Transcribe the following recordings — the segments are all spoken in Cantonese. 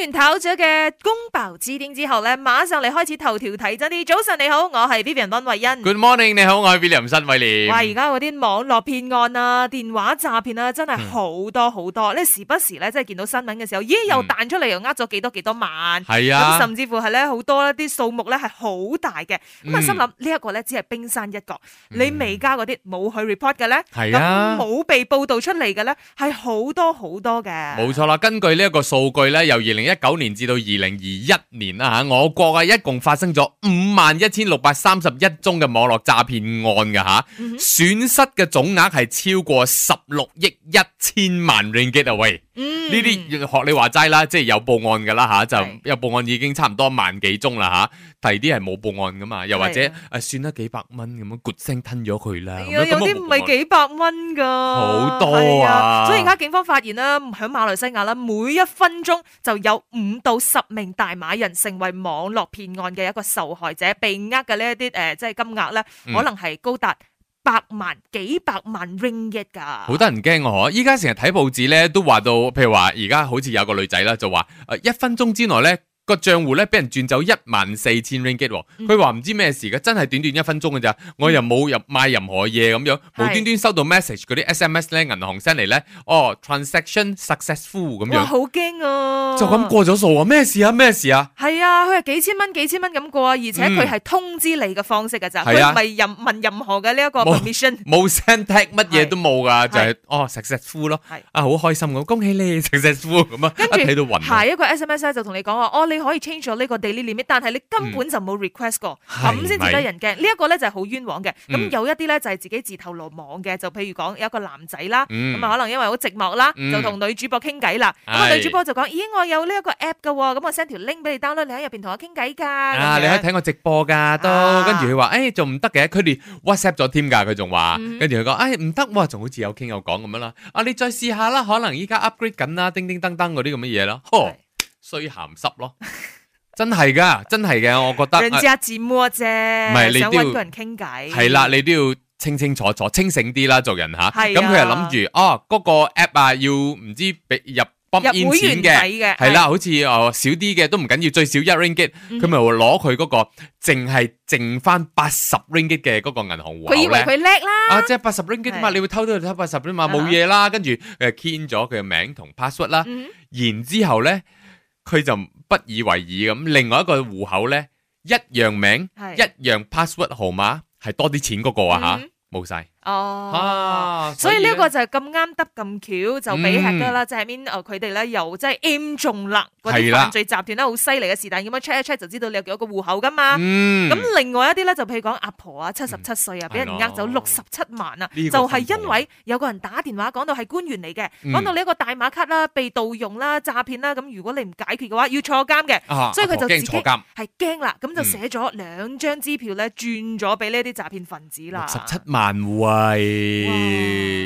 完透咗嘅《公保字典》之後咧，馬上嚟開始頭條睇真啲。早晨你好，我係 Vivian 溫慧欣。Good morning，你好，我係 William 新偉廉。哇，而家嗰啲網絡騙案啊、電話詐騙啊，真係好多好多。嗯、你時不時咧，真係見到新聞嘅時候，咦，又彈出嚟，又呃咗幾多幾多萬。係啊、嗯，甚至乎係咧，好多一啲數目咧係好大嘅。咁啊，心諗呢一個咧只係冰山一角，嗯、你未加嗰啲冇去 report 嘅咧，係冇、嗯、被報道出嚟嘅咧，係好多好多嘅。冇錯啦，根據呢一個數據咧，由二零一。一九年至到二零二一年啦，吓，我國啊一共發生咗五萬一千六百三十一宗嘅網絡詐騙案嘅吓，損失嘅總額係超過十六億一千萬 ringgit 啊喂。呢啲學你話齋啦，即係有報案噶啦吓，是就有報案已經差唔多萬幾宗啦吓，第二啲係冇報案噶嘛，又或者誒的、啊，算得幾百蚊咁樣，咕聲吞咗佢啦。有有啲唔係幾百蚊噶，好多啊！所以而家警方發現啦，響馬來西亞啦，每一分鐘就有五到十名大馬人成為網絡騙案嘅一個受害者，被呃嘅呢一啲誒，即係金額咧，可能係高達。百萬、幾百萬 ringgit 噶，好得人驚啊！我，依家成日睇報紙咧，都話到，譬如話而家好似有個女仔啦，就話，誒，一分鐘之內咧個賬戶咧俾人轉走一萬四千 ringgit，佢話唔知咩事噶，真係短短一分鐘噶咋，嗯、我又冇入買任何嘢咁樣，無端端收到 message 嗰啲 SMS 咧，銀行 send 嚟咧，是哦，transaction successful 咁樣，好驚啊！就咁過咗數啊，咩事啊，咩事啊？係、啊。啊！佢係幾千蚊幾千蚊咁過啊，而且佢係通知你嘅方式㗎咋，佢唔係任問任何嘅呢一個 permission，冇 send tag 乜嘢都冇噶，就係哦 successful 咯，啊好開心咁，恭喜你 successful 咁啊，跟住喺度雲，係一個 sms 咧就同你講話，哦你可以 change 咗呢個 daily limit，但係你根本就冇 request 過，咁先至得人驚。呢一個咧就係好冤枉嘅，咁有一啲咧就係自己自投羅網嘅，就譬如講有一個男仔啦，咁啊可能因為好寂寞啦，就同女主播傾偈啦，咁啊女主播就講，咦我有呢一個 app 嘅，咁我 send 條 link 俾你 download 啦。入邊同我傾偈噶啊，你可以睇我直播噶都跟住佢話，誒，仲唔得嘅，佢哋 WhatsApp 咗添噶佢仲話，跟住佢講，誒，唔得，哇，仲好似有傾有講咁樣啦，啊，你再試下啦，可能依家 upgrade 緊啦，叮叮噹噹嗰啲咁嘅嘢咯。呵，衰鹹濕咯，真係噶真係嘅，我覺得。人家自摸啫，唔係你都要同人傾偈。係啦，你都要清清楚楚，清醒啲啦，做人吓，咁佢又諗住，哦，嗰個 app 啊，要唔知俾入。入會員嘅係啦，好似哦少啲嘅都唔緊要，最少一 ringgit，佢咪會攞佢嗰個淨係淨翻八十 ringgit 嘅嗰個銀行戶口咧。佢以為佢叻啦。啊，即係八十 ringgit 嘛，你會偷到偷八十 ringgit 啫嘛，冇嘢啦。跟住誒簽咗佢嘅名同 password 啦，然之後咧佢就不以為意咁。另外一個戶口咧一樣名，一樣 password 號碼係多啲錢嗰個啊吓，冇晒。哦，啊、所以呢個就係咁啱得咁巧就俾吃咗啦，即係 m 佢哋咧又真係 m 中啦，嗰啲犯罪集團咧好犀利嘅，是但咁樣 check 一 check 就知道你有幾多個戶口噶嘛。咁、嗯、另外一啲咧就譬如講阿婆啊，七十七歲啊，俾人呃走六十七萬啊，就係因為有個人打電話講到係官員嚟嘅，講、嗯、到呢一個大馬卡啦被盜用啦詐騙啦，咁如果你唔解決嘅話要坐監嘅，啊、所以佢就自己係驚啦，咁、嗯、就寫咗兩張支票咧轉咗俾呢啲詐騙分子啦，十七萬戶啊！係喂哇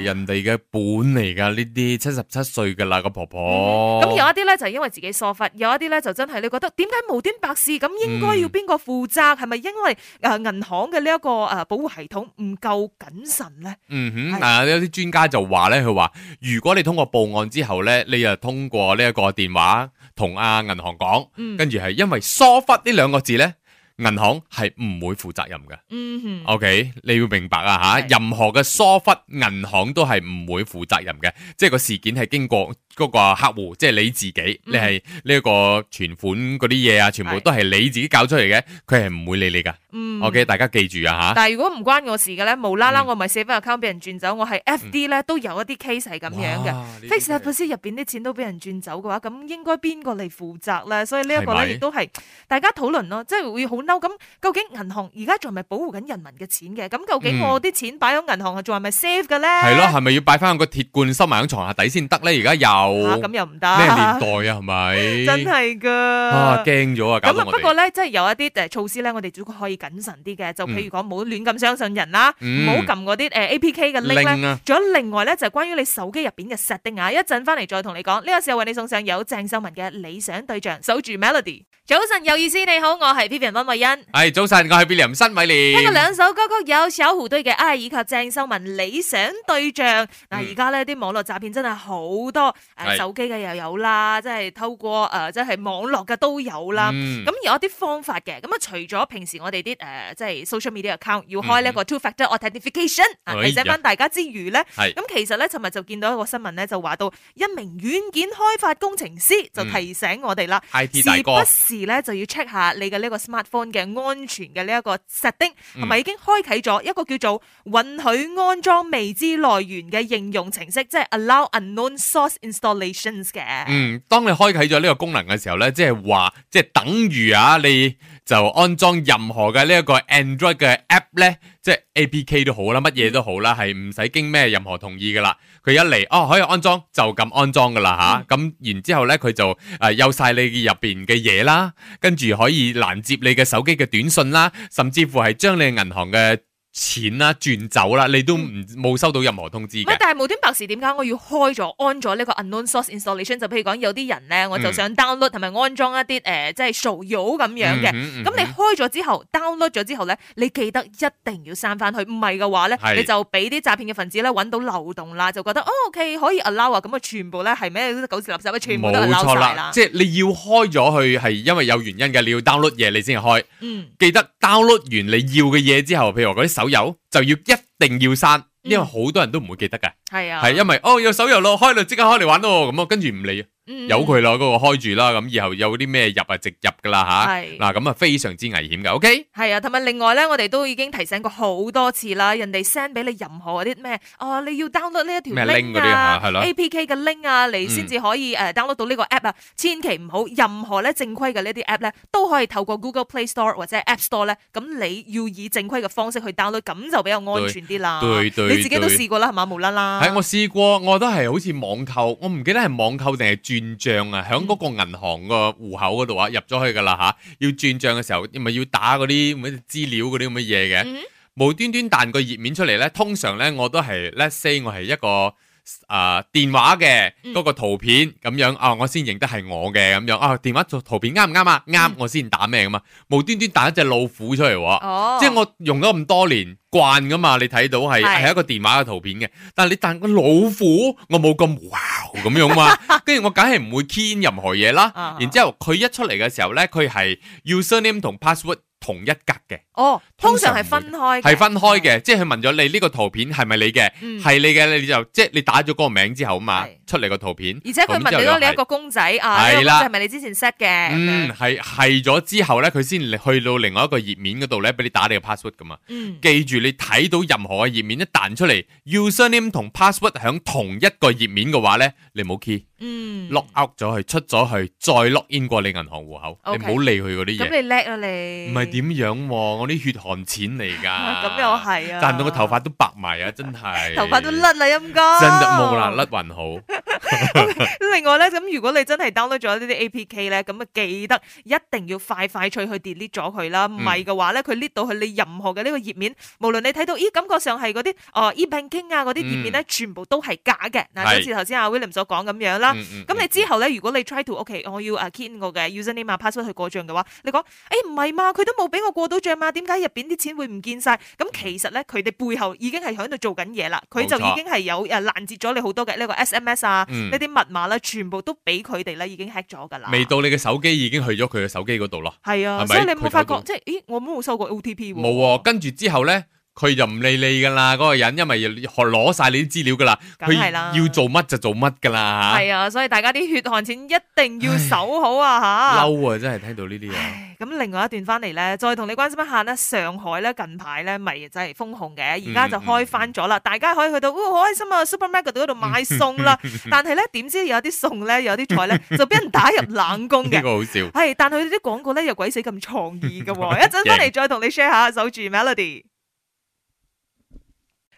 人哋嘅本嚟噶呢啲七十七歲嘅啦個婆婆，咁、嗯、有一啲咧就係、因為自己疏忽，有一啲咧就真係你覺得點解無端白事咁應該要邊個負責？係咪、嗯、因為誒銀行嘅呢一個誒保護系統唔夠謹慎咧？嗯哼，係是有啲專家就話咧，佢話如果你通過報案之後咧，你就通過呢一個電話同阿銀行講，跟住係因為疏忽呢兩個字咧。銀行係唔會負責任嘅、嗯、哼，OK，你要明白啊吓，的任何嘅疏忽，銀行都係唔會負責任嘅，即、就、係、是、個事件係經過嗰個客戶，即、就、係、是、你自己，嗯、哼你係呢一個存款嗰啲嘢啊，全部都係你自己搞出嚟嘅，佢係唔會理你噶。嗯，OK，大家記住啊嚇！但係如果唔關我事嘅咧，無啦啦我咪四分 account 俾人轉走，我係 FD 咧都有一啲 case 係咁樣嘅，fixed deposit 入邊啲錢都俾人轉走嘅話，咁應該邊個嚟負責咧？所以呢一個咧亦都係大家討論咯，即係會好嬲。咁究竟銀行而家仲係保護緊人民嘅錢嘅？咁究竟我啲錢擺響銀行係仲係咪 safe 嘅咧？係咯，係咪要擺翻響個鐵罐收埋響牀下底先得咧？而家又嚇咁又唔得咩年代啊？係咪真係㗎？啊驚咗啊！咁啊不過咧，即係有一啲誒措施咧，我哋總共可以。謹慎啲嘅，就譬如講，唔好亂咁相信人啦，唔好撳嗰啲誒 APK 嘅 link 咧、啊。仲有另外咧就係、是、關於你手機入邊嘅 setting 啊，一陣翻嚟再同你講。呢個時候為你送上有鄭秀文嘅理想對象，守住 Melody。早晨有意思，你好，我係 Vivian 温慧欣。係早晨，我係 William 新偉廉。聽過兩首歌曲，有小虎隊嘅《愛》，以及鄭秀文《理想對象》。嗱，而家呢啲網絡詐騙真係好多，誒，手機嘅又有啦，即係透過誒，即係網絡嘅都有啦。咁而有啲方法嘅，咁啊，除咗平時我哋啲誒，即係 social media account 要開呢個 two factor authentication 提醒翻大家之餘咧，咁其實咧，尋日就見到一個新聞咧，就話到一名軟件開發工程師就提醒我哋啦，係不咧就要 check 下你嘅呢個 smartphone 嘅安全嘅呢一個 setting，同埋已經開啟咗一個叫做允許安裝未知來源嘅應用程式，即係 allow unknown source installations 嘅。嗯，當你開啟咗呢個功能嘅時候咧，即係話即係等於啊你。就安裝任何嘅呢一個 Android 嘅 App 咧，即係 APK 都好啦，乜嘢都好啦，係唔使經咩任何同意噶啦。佢一嚟哦，可以安裝就咁安裝噶啦吓。咁、啊嗯、然之後咧，佢就誒有晒你入邊嘅嘢啦，跟住可以攔截你嘅手機嘅短信啦，甚至乎係將你銀行嘅。錢啦、啊、轉走啦、啊，你都唔冇、嗯、收到任何通知。喂，但係無端白事點解我要開咗安咗呢個 unknown source installation？就譬如講有啲人咧，嗯、我就想 download 同埋安裝一啲誒、呃，即係 software 咁樣嘅。咁、嗯、你開咗之後，download 咗之後咧，你記得一定要刪翻佢。唔係嘅話咧，是你就俾啲詐騙嘅分子咧揾到漏洞啦，就覺得哦 OK 可以 allow 啊，咁啊全部咧係咩都糞屎垃圾啊，全部都 allow 曬啦。了即係你要開咗去係因為有原因嘅，你要 download 嘢你先開。嗯，記得 download 完你要嘅嘢之後，譬如話嗰啲手。手遊就要一定要刪，因為好多人都唔會記得噶，係啊、嗯，係因為哦，有手遊咯，開啦，即刻開嚟玩咯，咁啊跟住唔理。由佢啦，嗰個開住啦，咁以後有啲咩入啊，直入噶啦吓。係嗱，咁啊非常之危險噶。OK，係啊，同埋另外咧，我哋都已經提醒過好多次啦。人哋 send 俾你任何嗰啲咩，哦，你要 download 呢一條 link 啊，APK 嘅 link 啊，你先至可以誒 download 到呢個 app 啊。千祈唔好任何咧正規嘅呢啲 app 咧，都可以透過 Google Play Store 或者係 App Store 咧，咁你要以正規嘅方式去 download，咁就比較安全啲啦。對對，你自己都試過啦，係嘛？無啦啦。係我試過，我都係好似網購，我唔記得係網購定係。轉賬啊，響嗰個銀行個戶口嗰度啊，入咗去噶啦吓，要轉賬嘅時候，咪要打嗰啲咩資料嗰啲咁嘅嘢嘅，冇、嗯、哼、冇端端彈個頁面出嚟咧，通常咧我都係 Let’s say 我係一個。誒，uh, 電話嘅嗰個圖片咁、嗯、樣啊，我先認得係我嘅咁樣啊，電話做圖片啱唔啱啊？啱，嗯、我先打咩啊嘛？無端端打隻老虎出嚟，哦、即係我用咗咁多年慣噶嘛，你睇到係係是一個電話嘅圖片嘅，但係你彈個老虎，我冇咁哇咁樣嘛，跟住 我梗係唔會 key in 任何嘢啦，啊、然之後佢一出嚟嘅時候咧，佢係 username 同 password。同一格嘅？哦，通常係分開，係分開嘅，係嘅，即係佢問咗你呢個圖片係咪你嘅？係、嗯、你嘅，你就即係你打咗個名之後啊嘛。出嚟個圖片，而且佢問你多你一個公仔啊，係咪你之前 set 嘅？嗯，係係咗之後咧，佢先去到另外一個頁面嗰度咧，俾你打你個 password 噶嘛。嗯，記住你睇到任何嘅頁面一彈出嚟，username 同 password 響同一個頁面嘅話咧，你唔好 key。嗯，lock out 咗佢，出咗去，再碌 in 過你銀行戶口，你唔好理佢嗰啲嘢。咁你叻啊你？唔係點樣？我啲血汗錢嚟噶。咁又係啊！賺到個頭髮都白埋啊，真係。頭髮都甩啦，陰功。真係冇啦，甩還好。 okay，另外咧，咁如果你真係 download 咗呢啲 A P K 咧，咁啊記得一定要快快脆去 delete 咗佢啦。唔係嘅話咧，佢 l i t 到去你任何嘅呢個頁面，無論你睇到，咦，感覺上係嗰啲哦 ebanking 啊嗰啲頁面咧，嗯、全部都係假嘅。嗱是，就好似頭先阿 William 所講咁樣啦。咁、嗯嗯、你之後咧，如果你 try、okay, to，ok，我要啊 key 我嘅 user name 啊 password 去過賬嘅話，你講，誒唔係嘛，佢都冇俾我過到賬嘛，點解入邊啲錢會唔見晒？咁其實咧，佢哋背後已經係喺度做緊嘢啦，佢錯就已經係有誒攔截咗你好多嘅呢、這個 S M S。啊！呢啲密碼咧，全部都俾佢哋咧，已經 hack 咗㗎啦。未到你嘅手機已經去咗佢嘅手機嗰度咯。係啊，係咪所以你冇發覺即係，咦？我冇收過 OTP 喎。冇、啊。跟住之後咧。佢就唔理你噶啦，嗰個人，因為學攞晒你啲資料噶啦，佢要做乜就做乜噶啦吓。係啊，所以大家啲血汗錢一定要守好啊吓。嬲啊，真係聽到呢啲嘢。咁另外一段翻嚟咧，再同你關心一下咧，上海咧近排咧咪真係封控嘅，而家就開翻咗啦。大家可以去到，哇，好開心啊！supermarket 嗰度買餸啦。但係咧，點知有啲餸咧，有啲菜咧，就俾人打入冷宮嘅。呢個好笑。係，但係佢哋啲廣告咧又鬼死咁創意噶，一陣翻嚟再同你 share 下守住 melody。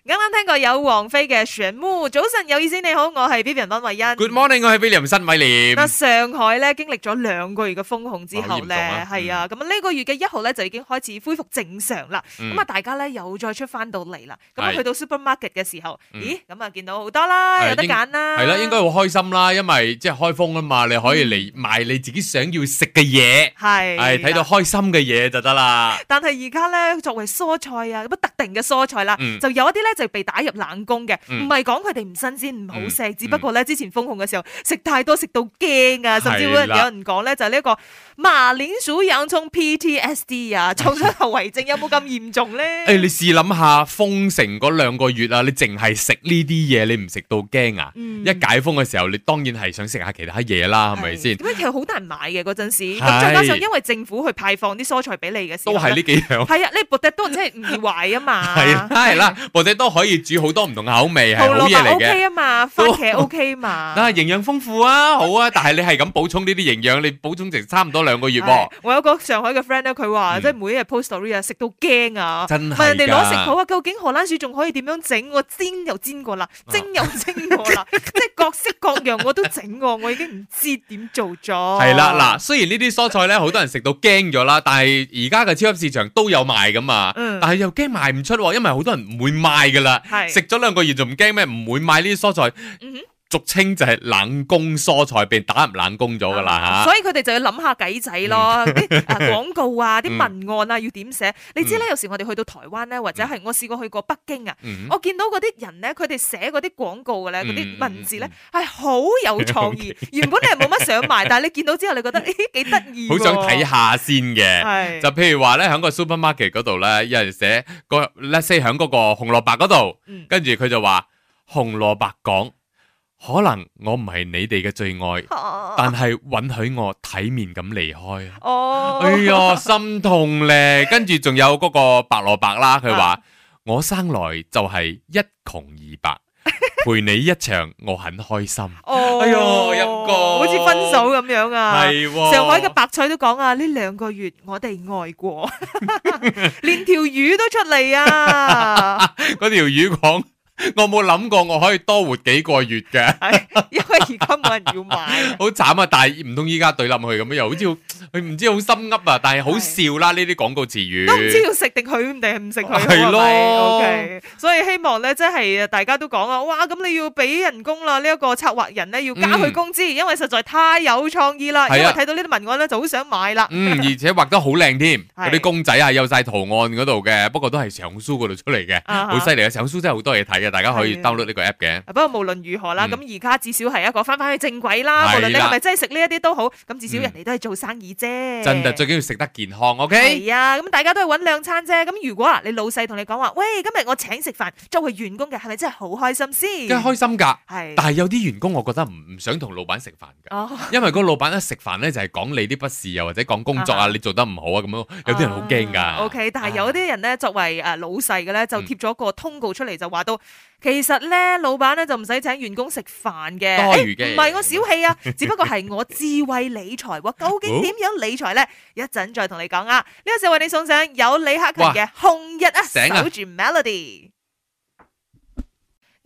啱啱聽過有王菲嘅旋木，早晨，有意思，你好，我係 Vivian 溫偉欣。Good morning，我係 Vivian 新偉廉。嗱，上海咧經歷咗兩個月嘅封控之後咧，係啊，咁啊呢個月嘅一號咧就已經開始恢復正常啦。咁啊，大家咧又再出翻到嚟啦。咁啊，去到 supermarket 嘅時候，咦，咁啊見到好多啦，有得揀啦。係啦，應該好開心啦，因為即係開封啊嘛，你可以嚟買你自己想要食嘅嘢，係，係睇到開心嘅嘢就得啦。但係而家咧，作為蔬菜啊，有乜特定嘅蔬菜啦，就有一啲咧。就被打入冷宮嘅，唔係講佢哋唔新鮮唔好食，嗯、只不過咧之前封控嘅時候食太多食到驚啊，甚至乎有人講咧是的 就呢一、這個馬鈴薯洋葱 PTSD 啊，創傷後遺症有冇咁嚴重咧？誒、欸，你試諗下封城嗰兩個月啊，你淨係食呢啲嘢，你唔食到驚啊？嗯、一解封嘅時候，你當然係想食下其他嘢啦，係咪先？點解的其實好難買嘅嗰陣時，咁的再加上因為政府去派放啲蔬菜俾你嘅，時候，都係呢幾樣，係啊，呢薄多，都即係唔壞啊嘛，係啦係啦，薄碟都。都可以煮好多唔同口味，係好嘢嚟。OK 啊嘛，番茄 OK 嘛。 啊，營養豐富啊，好啊。 但係你係咁補充呢啲營養，你補充成差唔多兩個月噃、啊哎。我有個上海嘅 friend 咧，佢話即係每一日 post 到嚟啊，食到驚啊！真係人哋攞食譜啊？究竟荷蘭薯仲可以點樣整？我煎又煎過啦，蒸又蒸過啦，即係各式各樣我都整過，我已經唔知點做咗。係 啦，嗱，雖然呢啲蔬菜咧好多人食到驚咗啦，但係而家嘅超級市場都有賣噶嘛。嗯、但係又驚賣唔出，因為好多人唔會賣。係食咗兩個月就唔驚咩？唔會買呢啲蔬菜。嗯俗稱就係冷宮蔬菜，被打入冷宮咗噶啦吓，所以佢哋就要諗下計仔咯，啲廣告啊，啲文案啊，要點寫？你知咧，有時我哋去到台灣咧，或者係我試過去過北京啊，我見到嗰啲人咧，佢哋寫嗰啲廣告嘅咧，嗰啲文字咧，係好有創意。原本你係冇乜想買，但係你見到之後，你覺得咦幾得意？好想睇下先嘅，就譬如話咧，喺個 supermarket 嗰度咧，有人寫個 let’s say 喺嗰個紅蘿蔔嗰度，跟住佢就話紅蘿蔔講。可能我唔係你哋嘅最愛，但係允許我體面咁離開。哦，哎喲，心痛咧！跟住仲有嗰個白蘿蔔啦，佢話、啊、我生來就係一窮二白， 陪你一場我很開心。哦、哎喲，一個好似分手咁樣啊！是哦、上海嘅白菜都講啊，呢兩個月我哋愛過， 連條魚都出嚟啊！嗰條 魚講。我冇諗過我可以多活幾個月嘅，因為而家冇人要買，好慘啊！但係唔通依家對冧佢咁樣，又好似佢唔知好心悒啊！但係好笑啦，呢啲廣告詞語都唔知要食定佢定係唔食佢，係咯，OK，所以希望咧，即係大家都講啦，哇！咁你要俾人工啦，呢一個策劃人咧要加佢工資，因為實在太有創意啦，因為睇到呢啲文案咧就好想買啦，嗯，而且畫得好靚添，嗰啲公仔啊有晒圖案嗰度嘅，不過都係上書嗰度出嚟嘅，好犀利啊！上書真係好多嘢睇。大家可以 download 呢個 app 嘅。不過無論如何啦，咁而家至少係一個翻翻去正軌啦。無論你係咪真係食呢一啲都好，咁至少人哋都係做生意啫。真嘅，最緊要食得健康，OK？係啊，咁大家都係搵兩餐啫。咁如果你老細同你講話，喂，今日我請食飯，作為員工嘅，係咪真係好開心先？梗係開心噶，係。但係有啲員工，我覺得唔唔想同老闆食飯噶，因為個老闆一食飯咧就係講你啲不是，又或者講工作啊，你做得唔好啊，咁樣，有啲人好驚噶。OK，但係有啲人咧，作為誒老細嘅咧，就貼咗個通告出嚟，就話到。其實咧，老闆咧就唔使請員工食飯嘅，唔係、欸、我小氣啊， 只不過係我智慧理財喎、啊。究竟點樣理財呢？ 一陣再同你講啊！呢個時候為你送上有李克勤嘅《紅日》啊，啊守住 Melody。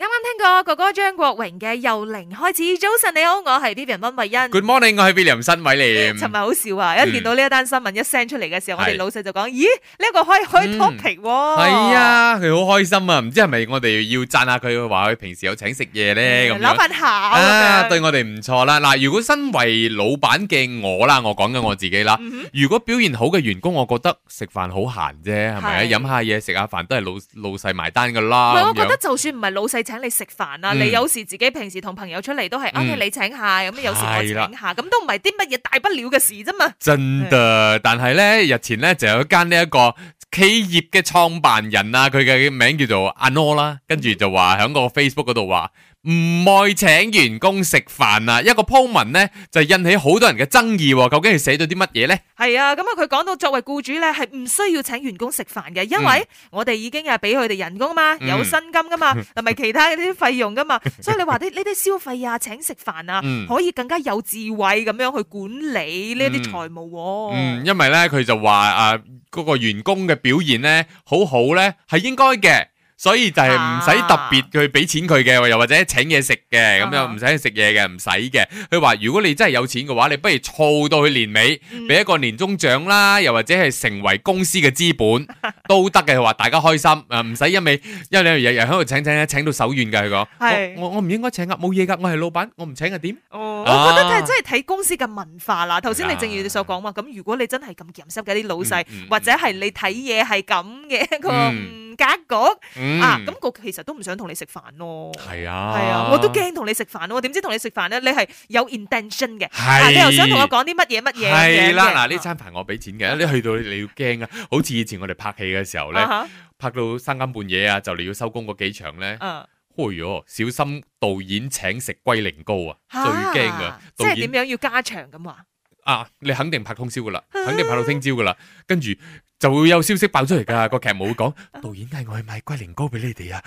啱啱聽過哥哥張國榮嘅由零開始，早晨你好，我係 B B 林新偉欣。Good morning，我係 B B 林新偉你。尋日好笑啊！一見到呢一單新聞一 send 出嚟嘅時候，我哋老細就講：咦，呢個可以可以 topic 喎。係啊，佢好開心啊！唔知係咪我哋要讚下佢，話佢平時有請食嘢咧咁樣。諗返下啊！對我哋唔錯啦。嗱，如果身為老闆嘅我啦，我講緊我自己啦。如果表現好嘅員工，我覺得食飯好閒啫，係咪啊？飲下嘢食下飯都係老老細埋單噶啦。唔係，我覺得就算唔係老細。請你食飯啊！嗯、你有時自己平時同朋友出嚟都係，OK，、嗯啊、你請下，咁啊、嗯、有時我請下，咁了都唔係啲乜嘢大不了嘅事啫嘛。真的，唉但係呢，日前呢，就有一間呢一個企業嘅創辦人啊，佢嘅名叫做阿諾啦，跟住就話喺個 Facebook 嗰度話。唔愛請員工食飯啊！一個鋪文咧就引起好多人嘅爭議，究竟係寫咗啲乜嘢咧？係啊，咁啊，佢講到作為僱主咧，係唔需要請員工食飯嘅，因為我哋已經係俾佢哋人工啊嘛，有薪金噶嘛，同埋其他嗰啲費用噶嘛，所以你話啲呢啲消費啊，請食飯啊，可以更加有智慧咁樣去管理呢啲財務。嗯，因為咧，佢就話啊，嗰個員工嘅表現咧好好咧，係應該嘅。所以就係唔使特別去俾錢佢嘅，又或者請嘢食嘅，咁樣唔使去食嘢嘅，唔使嘅。佢話如果你真係有錢嘅話，你不如儲到去年尾，俾一個年終獎啦，又或者係成為公司嘅資本都得嘅。佢話大家開心，誒，唔使一味一味日日喺度請請請到手軟嘅。佢講是我我唔應該請啊，冇嘢噶，我係老闆，我唔請啊點？哦，我覺得係真係睇公司嘅文化啦。頭先你正如你所講話，咁，啊，如果你真係咁儉心嘅啲老細，嗯嗯嗯，或者係你睇嘢係咁嘅一個，嗯、格局。嗯嗯、啊！咁、那、我、個、其實都唔想同你食飯咯，係啊，係啊，我都驚同你食飯咯。點知同你食飯咧？你係有 intention 嘅是、啊，你又想同我講啲乜嘢乜嘢？係啦，嗱，呢餐飯我俾錢嘅，你去到你要驚啊！好似以前我哋拍戲嘅時候咧，啊、哈拍到三更半夜啊，就你要收工嗰幾場咧，哎喲，小心導演請食龜苓膏啊！啊最驚嘅、啊，即係點樣要加場咁話？啊！你肯定拍通宵噶啦，肯定拍到聽朝噶啦， 跟住就會有消息爆出嚟噶。個劇冇講， 導演嗌我去買龜苓膏俾你哋啊，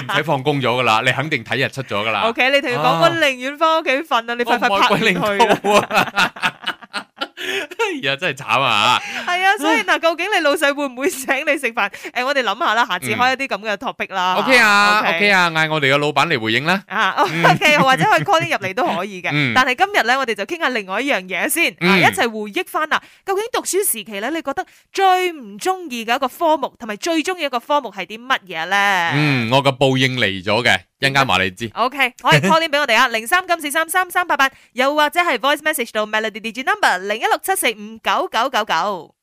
你唔使放工咗噶啦，你肯定睇日出咗噶啦。O、okay, K，你同佢講，我寧願翻屋企瞓啊，你快快拍龜苓膏啊。 而家 真係慘啊！係 啊，所以嗱，究竟你老細會唔會請你食飯？誒、哎，我哋諗下啦，下次開一啲咁嘅 topic 啦、嗯。啊 OK 啊，OK 啊，嗌我哋嘅老闆嚟回應啦。啊，OK， 或者去 call 你入嚟都可以嘅。嗯、但係今日咧，我哋就傾下另外一樣嘢先，嗯、一齊回憶翻啦！究竟讀書時期咧，你覺得最唔中意嘅一個科目，同埋最中意一個科目係啲乜嘢咧？嗯，我個報應嚟咗嘅。一陣間話你知，OK，可以 call 啲俾我哋啊，零三金四三三三八八，8, 又或者係 voice message 到 melody digit number 零一六七四五九九九九。